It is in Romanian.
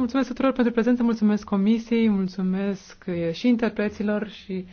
Mulțumesc tuturor pentru prezență, mulțumesc comisiei, mulțumesc și interpreților și